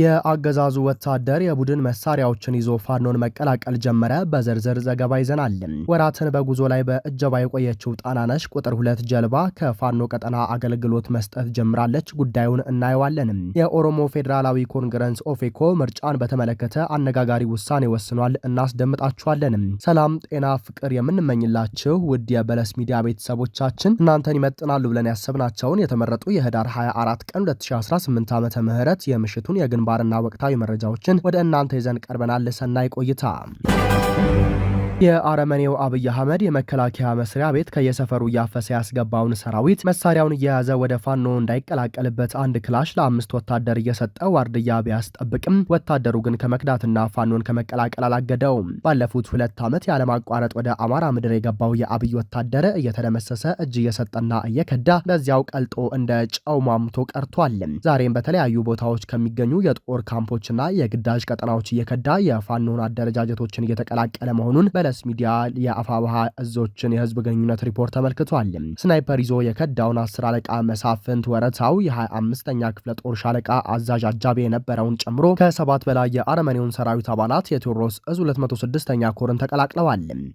የአገዛዙ ወታደር የቡድን መሳሪያዎችን ይዞ ፋኖን መቀላቀል ጀመረ። በዝርዝር ዘገባ ይዘናል። ወራትን በጉዞ ላይ በእጀባ የቆየችው ጣናነሽ ቁጥር ሁለት ጀልባ ከፋኖ ቀጠና አገልግሎት መስጠት ጀምራለች። ጉዳዩን እናየዋለን። የኦሮሞ ፌዴራላዊ ኮንግረስ ኦፌኮ ምርጫን በተመለከተ አነጋጋሪ ውሳኔ ወስኗል። እናስደምጣችኋለን። ሰላም፣ ጤና፣ ፍቅር የምንመኝላችሁ ውድ የበለስ ሚዲያ ቤተሰቦቻችን እናንተን ይመጥናሉ ብለን ያሰብናቸውን የተመረጡ የህዳር 24 ቀን 2018 ዓ ም የምሽቱን የግን ግንባርና ወቅታዊ መረጃዎችን ወደ እናንተ ይዘን ቀርበናል። ሰናይ ቆይታ የአረመኔው አብይ አህመድ የመከላከያ መስሪያ ቤት ከየሰፈሩ እያፈሰ ያስገባውን ሰራዊት መሳሪያውን እየያዘ ወደ ፋኖ እንዳይቀላቀልበት አንድ ክላሽ ለአምስት ወታደር እየሰጠ ዋርድያ ቢያስጠብቅም ወታደሩ ግን ከመክዳትና ፋኖን ከመቀላቀል አላገደውም። ባለፉት ሁለት ዓመት ያለማቋረጥ ወደ አማራ ምድር የገባው የአብይ ወታደር እየተደመሰሰ እጅ እየሰጠና እየከዳ በዚያው ቀልጦ እንደ ጨው ማምቶ ቀርቷል። ዛሬም በተለያዩ ቦታዎች ከሚገኙ የጦር ካምፖችና የግዳጅ ቀጠናዎች እየከዳ የፋኖን አደረጃጀቶችን እየተቀላቀለ መሆኑን በለ መለስ ሚዲያ የአፋብሃ እዞችን የህዝብ ግንኙነት ሪፖርት ተመልክቷል። ስናይፐር ይዞ የከዳውን አስር አለቃ መሳፍንት ወረታው የ25ኛ ክፍለ ጦር ሻለቃ አዛዥ አጃቤ የነበረውን ጨምሮ ከሰባት በላይ የአረመኔውን ሰራዊት አባላት የቴዎድሮስ እዝ 26 ኛ ኮርን ተቀላቅለዋል።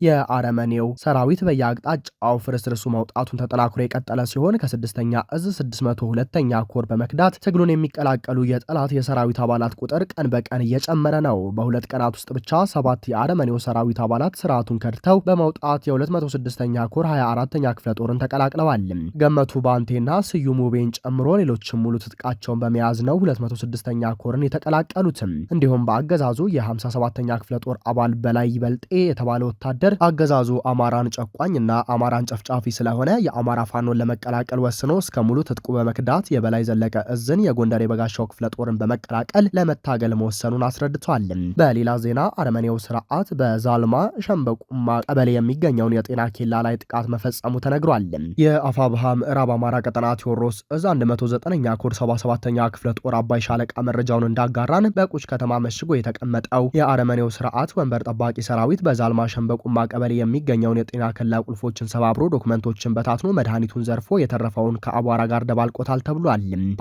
የአረመኔው ሰራዊት በየአቅጣጫው ፍርስርሱ መውጣቱን ተጠናክሮ የቀጠለ ሲሆን ከስድስተኛ እዝ 602ኛ ኮር በመክዳት ትግሉን የሚቀላቀሉ የጠላት የሰራዊት አባላት ቁጥር ቀን በቀን እየጨመረ ነው። በሁለት ቀናት ውስጥ ብቻ ሰባት የአረመኔው ሰራዊት አባላት ስርዓቱን ከድተው በመውጣት የ206ኛ ኮር 24ኛ ክፍለ ጦርን ተቀላቅለዋል። ገመቱ ባንቴና ስዩም ውቤን ጨምሮ ሌሎችም ሙሉ ትጥቃቸውን በመያዝ ነው 206ኛ ኮርን የተቀላቀሉትም። እንዲሁም በአገዛዙ የ57ኛ ክፍለ ጦር አባል በላይ ይበልጤ የተባለ ወታደር አገዛዙ አማራን ጨቋኝና አማራን ጨፍጫፊ ስለሆነ የአማራ ፋኖን ለመቀላቀል ወስኖ እስከ ሙሉ ትጥቁ በመክዳት የበላይ ዘለቀ እዝን የጎንደር የበጋሻው ክፍለ ጦርን በመቀላቀል ለመታገል መወሰኑን አስረድቷል። በሌላ ዜና አረመኔው ስርዓት በዛልማ ሸንበቁማ ቀበሌ የሚገኘውን የጤና ኬላ ላይ ጥቃት መፈጸሙ ተነግሯል። የአፋብሃ ምዕራብ አማራ ቀጠና ቴዎድሮስ እዝ 109ኛ ኮር 77ኛ ክፍለ ጦር አባይ ሻለቃ መረጃውን እንዳጋራን በቁጭ ከተማ መሽጎ የተቀመጠው የአረመኔው ስርዓት ወንበር ጠባቂ ሰራዊት በዛልማ ሸንበቁማ ቀበሌ የሚገኘውን የጤና ኬላ ቁልፎችን ሰባብሮ ዶክመንቶችን በታትኖ መድኃኒቱን ዘርፎ የተረፈውን ከአቧራ ጋር ደባልቆታል ተብሏል።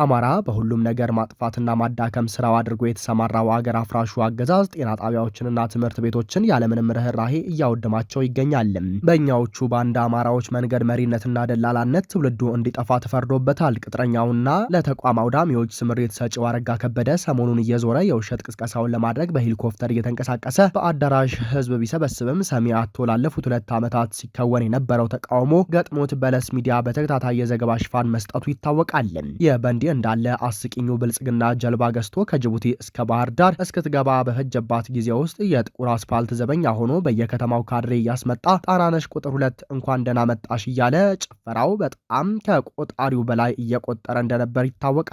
አማራ በሁሉም ነገር ማጥፋትና ማዳከም ስራው አድርጎ የተሰማራው አገር አፍራሹ አገዛዝ ጤና ጣቢያዎችንና ትምህርት ቤቶችን ያለምንም ርኅራሄ እያወደማቸው ይገኛል። በእኛዎቹ ባንዳ አማራዎች መንገድ መሪነትና ደላላነት ትውልዱ እንዲጠፋ ተፈርዶበታል። ቅጥረኛውና ለተቋም አውዳሚዎች ስምሪት ሰጪው አረጋ ከበደ ሰሞኑን እየዞረ የውሸት ቅስቀሳውን ለማድረግ በሄሊኮፕተር እየተንቀሳቀሰ በአዳራሽ ህዝብ ቢሰበስብም ሰሚ አቶ ላለፉት ሁለት ዓመታት ሲከወን የነበረው ተቃውሞ ገጥሞት በለስ ሚዲያ በተከታታይ የዘገባ ሽፋን መስጠቱ ይታወቃል። ይህ በእንዲህ እንዳለ አስቂኙ ብልጽግና ጀልባ ገዝቶ ከጅቡቲ እስከ ባህር ዳር እስክትገባ በፈጀባት ጊዜ ውስጥ የጥቁር አስፋልት ዘበኛ ሆኖ በየ የከተማው ካድሬ እያስመጣ ጣናነሽ ቁጥር ሁለት እንኳን ደህና መጣሽ እያለ ጭፈራው በጣም ከቆጣሪው በላይ እየቆጠረ እንደነበር ይታወቃል።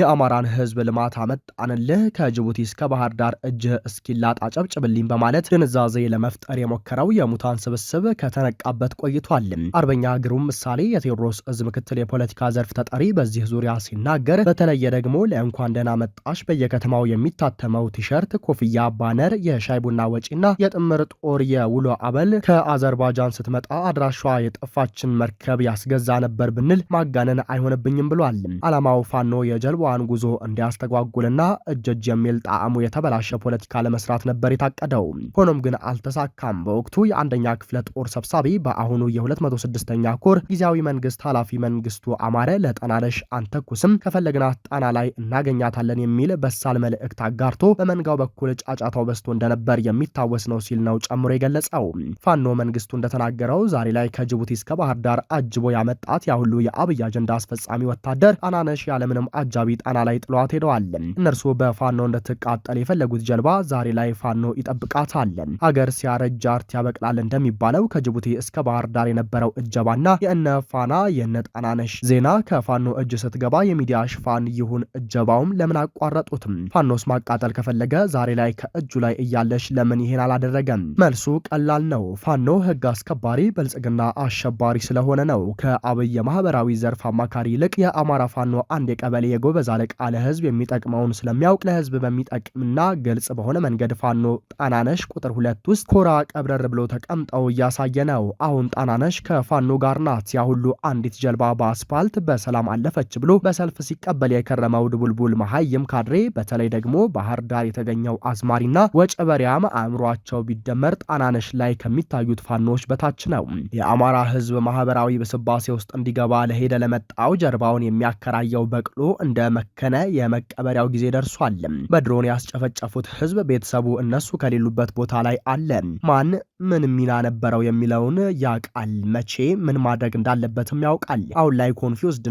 የአማራን ህዝብ ልማት አመጣንልህ ከጅቡቲ እስከ ባህር ዳር እጅ እስኪላጣ ጨብጭብልኝ በማለት ድንዛዜ ለመፍጠር የሞከረው የሙታን ስብስብ ከተነቃበት ቆይቷል። አርበኛ ግሩም ምሳሌ የቴዎድሮስ እዝ ምክትል የፖለቲካ ዘርፍ ተጠሪ በዚህ ዙሪያ ሲናገር በተለየ ደግሞ ለእንኳን ደህና መጣሽ በየከተማው የሚታተመው ቲሸርት፣ ኮፍያ፣ ባነር፣ የሻይ ቡና ወጪና የጥምር ጦር የውሎ አበል ከአዘርባይጃን ስትመጣ አድራሿ የጠፋችን መርከብ ያስገዛ ነበር ብንል ማጋነን አይሆንብኝም ብሏል። ዓላማው ፋኖ የጀልባዋን ጉዞ እንዲያስተጓጉልና እጅ እጅ የሚል ጣዕሙ የተበላሸ ፖለቲካ ለመስራት ነበር የታቀደው። ሆኖም ግን አልተሳካም። በወቅቱ የአንደኛ ክፍለ ጦር ሰብሳቢ በአሁኑ የ206ኛ ኮር ጊዜያዊ መንግስት ኃላፊ መንግስቱ አማረ ለጠናለሽ አንተኩስም ከፈለግናት ጣና ላይ እናገኛታለን የሚል በሳል መልእክት አጋርቶ በመንጋው በኩል ጫጫታው በስቶ እንደነበር የሚታወስ ነው ሲል ነው ጨምሮ የገለጸው። ፋኖ መንግስቱ እንደተናገረው ዛሬ ላይ ከጅቡቲ እስከ ባህር ዳር አጅቦ ያመጣት ያሁሉ የአብይ አጀንዳ አስፈጻሚ ወታደር አናነሽ ያለምንም አጃቢ ጣና ላይ ጥሏት ሄደዋል። እነርሱ በፋኖ እንድትቃጠል የፈለጉት ጀልባ ዛሬ ላይ ፋኖ ይጠብቃታል። አገር ሲያረጅ ያበቅላል እንደሚባለው ከጅቡቲ እስከ ባህር ዳር የነበረው እጀባና የእነ ፋና የእነ ጣናነሽ ዜና ከፋኖ እጅ ስትገባ የሚዲያ ሽፋን ይሁን እጀባውም ለምን አቋረጡትም? ፋኖስ ማቃጠል ከፈለገ ዛሬ ላይ ከእጁ ላይ እያለሽ ለምን ይሄን አላደረገም? መልሱ ቀላል ነው። ፋኖ ህግ አስከባሪ፣ ብልጽግና አሸባሪ ስለሆነ ነው። ከአብይ የማህበራዊ ዘርፍ አማካሪ ይልቅ የአማራ ፋኖ አንድ የቀበሌ የጎበዝ አለቃ ለህዝብ የሚጠቅመውን ስለሚያውቅ ለህዝብ በሚጠቅምና ግልጽ በሆነ መንገድ ፋኖ ጣናነሽ ቁጥር ሁለት ውስጥ ኮራ ቀብረር ብሎ ተቀምጠው እያሳየ ነው። አሁን ጣናነሽ ከፋኖ ጋር ናት። ያ ሁሉ አንዲት ጀልባ በአስፋልት በሰላም አለፈች ብሎ በሰልፍ ሲቀበል የከረመው ድቡልቡል መሀይም ካድሬ፣ በተለይ ደግሞ ባህር ዳር የተገኘው አዝማሪና ወጨበሪያም አእምሯቸው ቢደመር ጣና መጠናነሽ ላይ ከሚታዩት ፋኖች በታች ነው። የአማራ ህዝብ ማህበራዊ ብስባሴ ውስጥ እንዲገባ ለሄደ ለመጣው ጀርባውን የሚያከራየው በቅሎ እንደ መከነ የመቀበሪያው ጊዜ ደርሷል። በድሮን ያስጨፈጨፉት ህዝብ ቤተሰቡ እነሱ ከሌሉበት ቦታ ላይ አለ። ማን ምን ሚና ነበረው የሚለውን ያውቃል። መቼ ምን ማድረግ እንዳለበትም ያውቃል። አሁን ላይ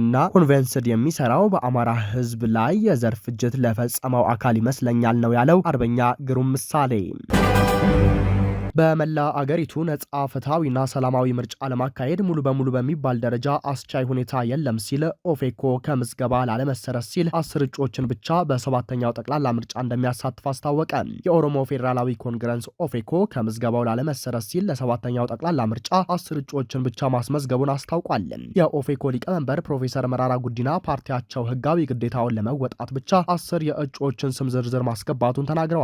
እና ኮንቬንስድ የሚሰራው በአማራ ህዝብ ላይ የዘር ፍጅት ለፈጸመው አካል ይመስለኛል ነው ያለው አርበኛ ግሩም ምሳሌ። በመላ አገሪቱ ነጻ ፍትሐዊና ሰላማዊ ምርጫ ለማካሄድ ሙሉ በሙሉ በሚባል ደረጃ አስቻይ ሁኔታ የለም ሲል ኦፌኮ ከምዝገባ ላለመሰረት ሲል አስር እጩዎችን ብቻ በሰባተኛው ጠቅላላ ምርጫ እንደሚያሳትፍ አስታወቀ። የኦሮሞ ፌዴራላዊ ኮንግረንስ ኦፌኮ ከምዝገባው ላለመሰረት ሲል ለሰባተኛው ጠቅላላ ምርጫ አስር እጩዎችን ብቻ ማስመዝገቡን አስታውቋል። የኦፌኮ ሊቀመንበር ፕሮፌሰር መራራ ጉዲና ፓርቲያቸው ህጋዊ ግዴታውን ለመወጣት ብቻ አስር የእጩዎችን ስም ዝርዝር ማስገባቱን ተናግረዋል።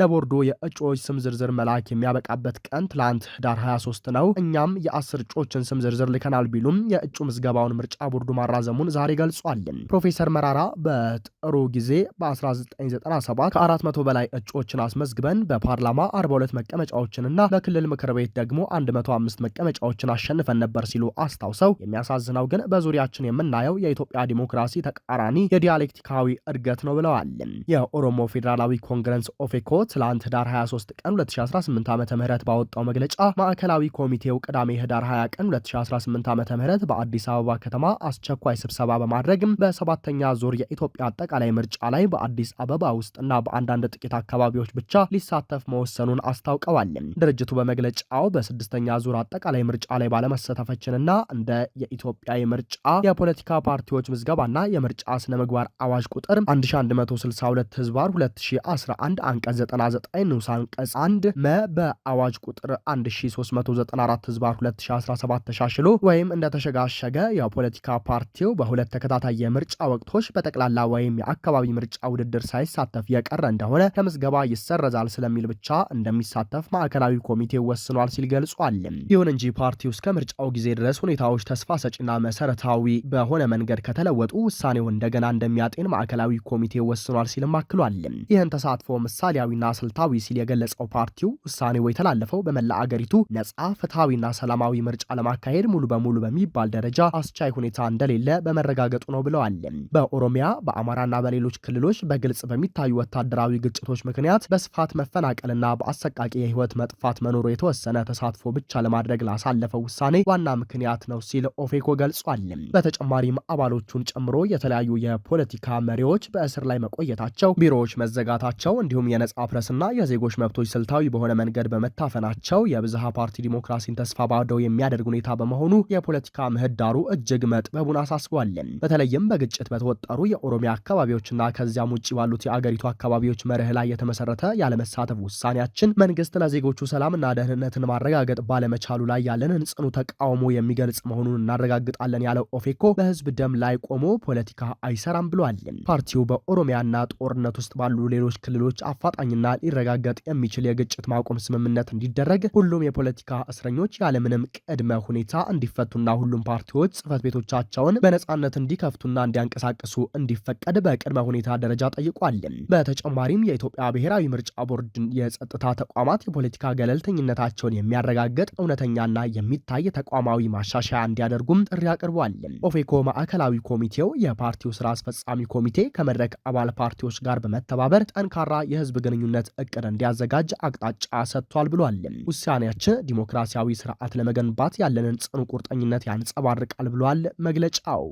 ለቦርዶ የእጩዎች ስም ዝርዝር መላክ የሚያበቃ የሚያበቃበት ቀን ትላንት ህዳር 23 ነው። እኛም የአስር እጩዎችን ስም ዝርዝር ልከናል ቢሉም የእጩ ምዝገባውን ምርጫ ቦርዱ ማራዘሙን ዛሬ ገልጿል። ፕሮፌሰር መራራ በጥሩ ጊዜ በ1997 ከ400 በላይ እጩዎችን አስመዝግበን በፓርላማ 42 መቀመጫዎችንና በክልል ምክር ቤት ደግሞ 105 መቀመጫዎችን አሸንፈን ነበር ሲሉ አስታውሰው የሚያሳዝነው ግን በዙሪያችን የምናየው የኢትዮጵያ ዲሞክራሲ ተቃራኒ የዲያሌክቲካዊ እድገት ነው ብለዋል። የኦሮሞ ፌዴራላዊ ኮንግረስ ኦፌኮ ትላንት ህዳር 23 ቀን 2018 ዓ ምህረት ባወጣው መግለጫ ማዕከላዊ ኮሚቴው ቅዳሜ ህዳር 20 ቀን 2018 ዓ ም በአዲስ አበባ ከተማ አስቸኳይ ስብሰባ በማድረግ በሰባተኛ ዙር የኢትዮጵያ አጠቃላይ ምርጫ ላይ በአዲስ አበባ ውስጥና በአንዳንድ ጥቂት አካባቢዎች ብቻ ሊሳተፍ መወሰኑን አስታውቀዋል። ድርጅቱ በመግለጫው በስድስተኛ ዙር አጠቃላይ ምርጫ ላይ ባለመሳተፋችንና እንደ የኢትዮጵያ የምርጫ የፖለቲካ ፓርቲዎች ምዝገባና የምርጫ ስነ ምግባር አዋጅ ቁጥር 1162 ህዝባር 2011 አንቀጽ 99 ንዑስ አንቀጽ 1 መ በ አዋጅ ቁጥር 1394 ህዝባ 2017 ተሻሽሎ ወይም እንደተሸጋሸገ የፖለቲካ ፓርቲው በሁለት ተከታታይ የምርጫ ወቅቶች በጠቅላላ ወይም የአካባቢ ምርጫ ውድድር ሳይሳተፍ የቀረ እንደሆነ ከምዝገባ ይሰረዛል ስለሚል ብቻ እንደሚሳተፍ ማዕከላዊ ኮሚቴው ወስኗል ሲል ገልጿል። ይሁን እንጂ ፓርቲው እስከ ምርጫው ጊዜ ድረስ ሁኔታዎች ተስፋ ሰጪና መሰረታዊ በሆነ መንገድ ከተለወጡ ውሳኔው እንደገና እንደሚያጤን ማዕከላዊ ኮሚቴው ወስኗል ሲልም አክሏል። ይህን ተሳትፎ ምሳሌያዊና ስልታዊ ሲል የገለጸው ፓርቲው ውሳኔው የተላለፈው በመላ አገሪቱ ነጻ ፍትሐዊና ሰላማዊ ምርጫ ለማካሄድ ሙሉ በሙሉ በሚባል ደረጃ አስቻይ ሁኔታ እንደሌለ በመረጋገጡ ነው ብለዋል። በኦሮሚያ በአማራና በሌሎች ክልሎች በግልጽ በሚታዩ ወታደራዊ ግጭቶች ምክንያት በስፋት መፈናቀልና በአሰቃቂ የህይወት መጥፋት መኖሩ የተወሰነ ተሳትፎ ብቻ ለማድረግ ላሳለፈው ውሳኔ ዋና ምክንያት ነው ሲል ኦፌኮ ገልጿል። በተጨማሪም አባሎቹን ጨምሮ የተለያዩ የፖለቲካ መሪዎች በእስር ላይ መቆየታቸው፣ ቢሮዎች መዘጋታቸው እንዲሁም የነጻ ፕረስና የዜጎች መብቶች ስልታዊ በሆነ መንገድ በመ መታፈናቸው የብዝሃ ፓርቲ ዲሞክራሲን ተስፋ ባደው የሚያደርግ ሁኔታ በመሆኑ የፖለቲካ ምህዳሩ እጅግ መጥበቡን አሳስቧል። በተለይም በግጭት በተወጠሩ የኦሮሚያ አካባቢዎችና ከዚያም ውጭ ባሉት የአገሪቱ አካባቢዎች መርህ ላይ የተመሰረተ ያለመሳተፍ ውሳኔያችን መንግስት ለዜጎቹ ሰላምና ደህንነትን ማረጋገጥ ባለመቻሉ ላይ ያለንን ጽኑ ተቃውሞ የሚገልጽ መሆኑን እናረጋግጣለን ያለው ኦፌኮ በህዝብ ደም ላይ ቆሞ ፖለቲካ አይሰራም ብሏል። ፓርቲው በኦሮሚያና ጦርነት ውስጥ ባሉ ሌሎች ክልሎች አፋጣኝና ሊረጋገጥ የሚችል የግጭት ማቆም ስምምነት ተፈጻሚነት እንዲደረግ ሁሉም የፖለቲካ እስረኞች ያለምንም ቅድመ ሁኔታ እንዲፈቱና ሁሉም ፓርቲዎች ጽህፈት ቤቶቻቸውን በነጻነት እንዲከፍቱና እንዲያንቀሳቅሱ እንዲፈቀድ በቅድመ ሁኔታ ደረጃ ጠይቋል። በተጨማሪም የኢትዮጵያ ብሔራዊ ምርጫ ቦርድ የጸጥታ ተቋማት የፖለቲካ ገለልተኝነታቸውን የሚያረጋግጥ እውነተኛና የሚታይ ተቋማዊ ማሻሻያ እንዲያደርጉም ጥሪ አቅርቧል። ኦፌኮ ማዕከላዊ ኮሚቴው የፓርቲው ስራ አስፈጻሚ ኮሚቴ ከመድረክ አባል ፓርቲዎች ጋር በመተባበር ጠንካራ የህዝብ ግንኙነት እቅድ እንዲያዘጋጅ አቅጣጫ ሰጥቷል። ተነስቷል ብሏል። ውሳኔያችን ዲሞክራሲያዊ ስርዓት ለመገንባት ያለንን ጽኑ ቁርጠኝነት ያንጸባርቃል ብሏል መግለጫው።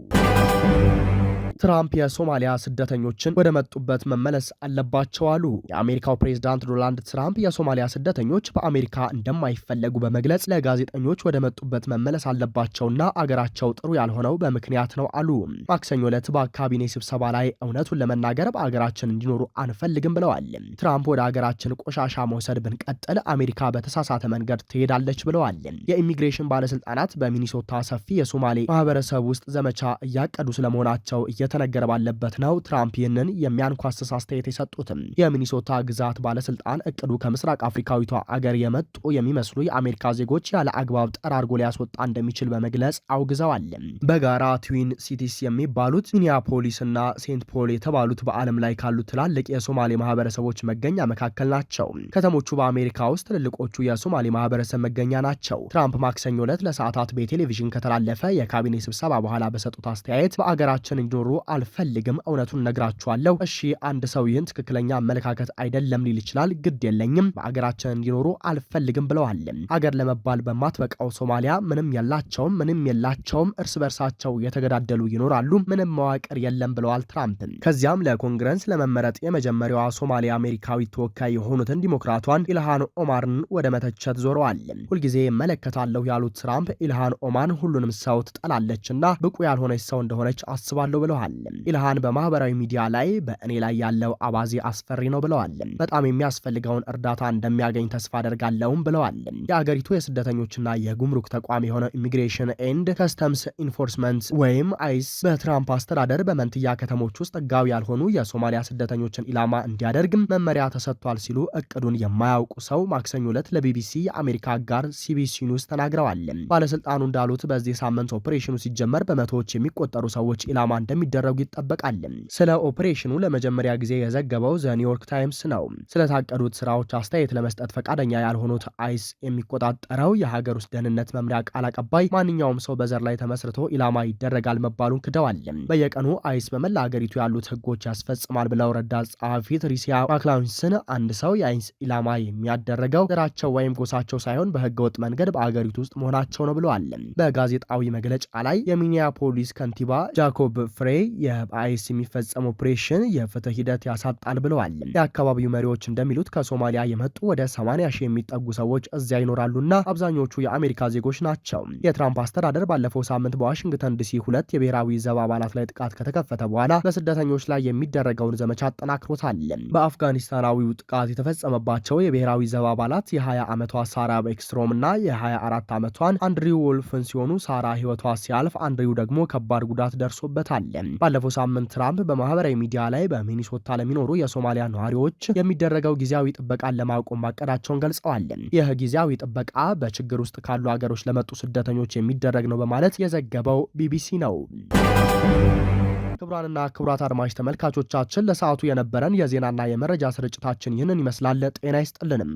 ትራምፕ የሶማሊያ ስደተኞችን ወደ መጡበት መመለስ አለባቸው አሉ። የአሜሪካው ፕሬዝዳንት ዶናልድ ትራምፕ የሶማሊያ ስደተኞች በአሜሪካ እንደማይፈለጉ በመግለጽ ለጋዜጠኞች ወደ መጡበት መመለስ አለባቸውና አገራቸው ጥሩ ያልሆነው በምክንያት ነው አሉ። ማክሰኞ ዕለት በካቢኔ ስብሰባ ላይ እውነቱን ለመናገር በአገራችን እንዲኖሩ አንፈልግም ብለዋል። ትራምፕ ወደ አገራችን ቆሻሻ መውሰድ ብንቀጥል አሜሪካ በተሳሳተ መንገድ ትሄዳለች ብለዋል። የኢሚግሬሽን ባለስልጣናት በሚኒሶታ ሰፊ የሶማሌ ማህበረሰብ ውስጥ ዘመቻ እያቀዱ ስለመሆናቸው እየ እየተነገረ ባለበት ነው ትራምፕ ይህንን የሚያንኳስስ አስተያየት የሰጡትም። የሚኒሶታ ግዛት ባለስልጣን እቅዱ ከምስራቅ አፍሪካዊቷ አገር የመጡ የሚመስሉ የአሜሪካ ዜጎች ያለ አግባብ ጠራርጎ ሊያስወጣ እንደሚችል በመግለጽ አውግዘዋል። በጋራ ትዊን ሲቲስ የሚባሉት ሚኒያፖሊስ እና ሴንት ፖል የተባሉት በዓለም ላይ ካሉ ትላልቅ የሶማሌ ማህበረሰቦች መገኛ መካከል ናቸው። ከተሞቹ በአሜሪካ ውስጥ ትልልቆቹ የሶማሌ ማህበረሰብ መገኛ ናቸው። ትራምፕ ማክሰኞ ዕለት ለሰዓታት በቴሌቪዥን ከተላለፈ የካቢኔ ስብሰባ በኋላ በሰጡት አስተያየት በአገራችን እንዲኖሩ አልፈልግም፣ እውነቱን ነግራችኋለሁ። እሺ አንድ ሰው ይህን ትክክለኛ አመለካከት አይደለም ሊል ይችላል። ግድ የለኝም፣ በአገራችን እንዲኖሩ አልፈልግም ብለዋል። አገር ለመባል በማትበቃው ሶማሊያ ምንም የላቸውም፣ ምንም የላቸውም፣ እርስ በርሳቸው የተገዳደሉ ይኖራሉ፣ ምንም መዋቅር የለም ብለዋል ትራምፕ። ከዚያም ለኮንግረስ ለመመረጥ የመጀመሪያዋ ሶማሊያ አሜሪካዊት ተወካይ የሆኑትን ዲሞክራቷን ኢልሃን ኦማርን ወደ መተቸት ዞረዋል። ሁልጊዜ መለከታለሁ ያሉት ትራምፕ ኢልሃን ኦማን ሁሉንም ሰው ትጠላለችና ብቁ ያልሆነች ሰው እንደሆነች አስባለሁ ብለዋል። ብለዋል። ኢልሃን በማህበራዊ ሚዲያ ላይ በእኔ ላይ ያለው አባዜ አስፈሪ ነው ብለዋል። በጣም የሚያስፈልገውን እርዳታ እንደሚያገኝ ተስፋ አደርጋለሁም ብለዋል። የአገሪቱ የስደተኞችና የጉምሩክ ተቋም የሆነው ኢሚግሬሽን ኤንድ ከስተምስ ኢንፎርስመንት ወይም አይስ በትራምፕ አስተዳደር በመንትያ ከተሞች ውስጥ ህጋዊ ያልሆኑ የሶማሊያ ስደተኞችን ኢላማ እንዲያደርግ መመሪያ ተሰጥቷል ሲሉ እቅዱን የማያውቁ ሰው ማክሰኞ ዕለት ለቢቢሲ የአሜሪካ ጋር ሲቢሲ ኒውስ ተናግረዋል። ባለስልጣኑ እንዳሉት በዚህ ሳምንት ኦፕሬሽኑ ሲጀመር በመቶዎች የሚቆጠሩ ሰዎች ኢላማ እንደሚደ እንደሚደረጉ ይጠበቃል። ስለ ኦፕሬሽኑ ለመጀመሪያ ጊዜ የዘገበው ዘ ኒውዮርክ ታይምስ ነው። ስለታቀዱት ስራዎች አስተያየት ለመስጠት ፈቃደኛ ያልሆኑት አይስ የሚቆጣጠረው የሀገር ውስጥ ደህንነት መምሪያ ቃል አቀባይ ማንኛውም ሰው በዘር ላይ ተመስርቶ ኢላማ ይደረጋል መባሉን ክደዋል። በየቀኑ አይስ በመላ ሀገሪቱ ያሉት ህጎች ያስፈጽማል ብለው ረዳት ጸሐፊ ትሪሲያ ማክላንስን አንድ ሰው የአይስ ኢላማ የሚያደረገው ዘራቸው ወይም ጎሳቸው ሳይሆን በህገወጥ መንገድ በአገሪቱ ውስጥ መሆናቸው ነው ብለዋል። በጋዜጣዊ መግለጫ ላይ የሚኒያፖሊስ ከንቲባ ጃኮብ ፍሬ የአይስ የሚፈጸም ኦፕሬሽን የፍትህ ሂደት ያሳጣል ብለዋል። የአካባቢው መሪዎች እንደሚሉት ከሶማሊያ የመጡ ወደ 80 ሺህ የሚጠጉ ሰዎች እዚያ ይኖራሉና አብዛኞቹ የአሜሪካ ዜጎች ናቸው። የትራምፕ አስተዳደር ባለፈው ሳምንት በዋሽንግተን ዲሲ ሁለት የብሔራዊ ዘብ አባላት ላይ ጥቃት ከተከፈተ በኋላ በስደተኞች ላይ የሚደረገውን ዘመቻ አጠናክሮታል። በአፍጋኒስታናዊው ጥቃት የተፈጸመባቸው የብሔራዊ ዘብ አባላት የ20 ዓመቷ ሳራ ኤክስትሮም እና የ24 ዓመቷን አንድሪው ወልፍን ሲሆኑ ሳራ ህይወቷ ሲያልፍ አንድሪው ደግሞ ከባድ ጉዳት ደርሶበታል። ተናግረዋል። ባለፈው ሳምንት ትራምፕ በማህበራዊ ሚዲያ ላይ በሚኒሶታ ለሚኖሩ የሶማሊያ ነዋሪዎች የሚደረገው ጊዜያዊ ጥበቃን ለማቆም ማቀዳቸውን ገልጸዋል። ይህ ጊዜያዊ ጥበቃ በችግር ውስጥ ካሉ ሀገሮች ለመጡ ስደተኞች የሚደረግ ነው በማለት የዘገበው ቢቢሲ ነው። ክቡራንና ክቡራት አድማጭ ተመልካቾቻችን ለሰዓቱ የነበረን የዜናና የመረጃ ስርጭታችን ይህንን ይመስላል። ጤና ይስጥልንም።